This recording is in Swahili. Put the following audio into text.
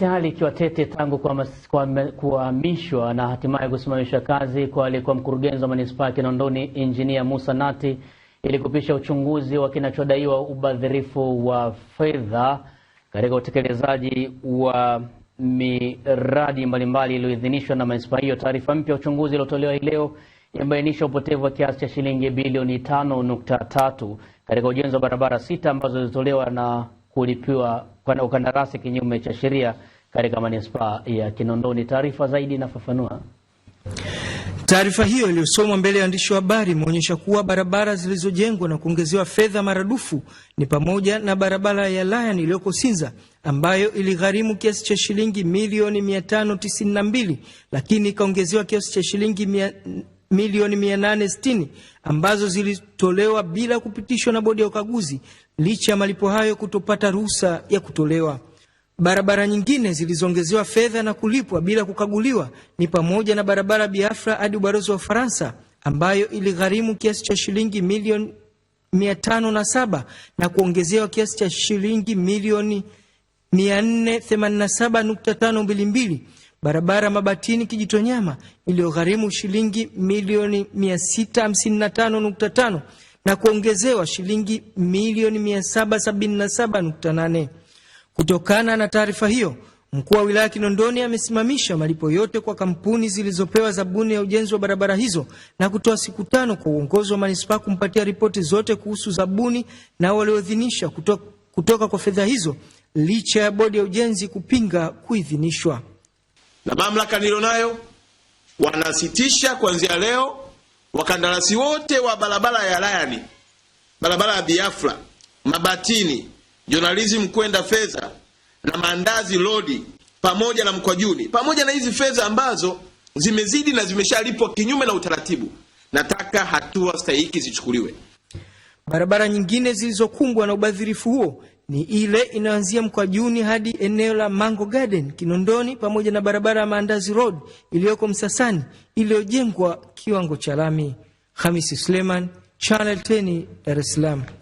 wakati hali ikiwa tete tangu kuhamishwa na hatimaye kusimamishwa kazi kwa aliyekuwa mkurugenzi wa manispaa ya Kinondoni Injinia Musa Nati ili kupisha uchunguzi wa kinachodaiwa ubadhirifu wa fedha katika utekelezaji wa miradi mbalimbali iliyoidhinishwa na manispaa hiyo. Taarifa mpya ya uchunguzi iliyotolewa hii leo imebainisha upotevu wa kiasi cha shilingi bilioni 5.3 katika ujenzi wa barabara sita ambazo zilitolewa na kulipiwa na ukandarasi kinyume cha sheria katika manispaa ya Kinondoni. Taarifa zaidi inafafanua. Taarifa hiyo iliyosomwa mbele ya waandishi wa habari imeonyesha kuwa barabara zilizojengwa na kuongezewa fedha maradufu ni pamoja na barabara ya lyan iliyoko Sinza ambayo iligharimu kiasi cha shilingi milioni 592 lakini ikaongezewa kiasi cha shilingi mia milioni 860 ambazo zilitolewa bila kupitishwa na bodi ya ukaguzi licha ya malipo hayo kutopata ruhusa ya kutolewa. Barabara nyingine zilizoongezewa fedha na kulipwa bila kukaguliwa ni pamoja na barabara Biafra hadi ubalozi wa Ufaransa ambayo iligharimu kiasi cha shilingi milioni mia tano na saba na kuongezewa kiasi cha shilingi milioni 487.522 barabara Mabatini Kijitonyama iliyogharimu shilingi milioni 655.5 na kuongezewa shilingi milioni 777.8. Kutokana na taarifa hiyo, mkuu wa wilaya Kinondoni amesimamisha malipo yote kwa kampuni zilizopewa zabuni ya ujenzi wa barabara hizo na kutoa siku tano kwa uongozi wa manispaa kumpatia ripoti zote kuhusu zabuni na walioidhinisha kutoka, kutoka kwa fedha hizo licha ya bodi ya ujenzi kupinga kuidhinishwa na mamlaka nilionayo, wanasitisha kuanzia leo wakandarasi wote wa barabara ya Layani, barabara ya Biafra, Mabatini, Journalism kwenda Fedha na Mandazi lodi pamoja na Mkwajuni, pamoja na hizi fedha ambazo zimezidi na zimeshalipwa kinyume na utaratibu. Nataka hatua stahiki zichukuliwe. Barabara nyingine zilizokumbwa na ubadhirifu huo ni ile inaanzia Mkwajuni hadi eneo la Mango Garden Kinondoni, pamoja na barabara ya Maandazi Road iliyoko Msasani iliyojengwa kiwango cha lami. Hamisi Suleiman, Channel 10, Dar es Salaam.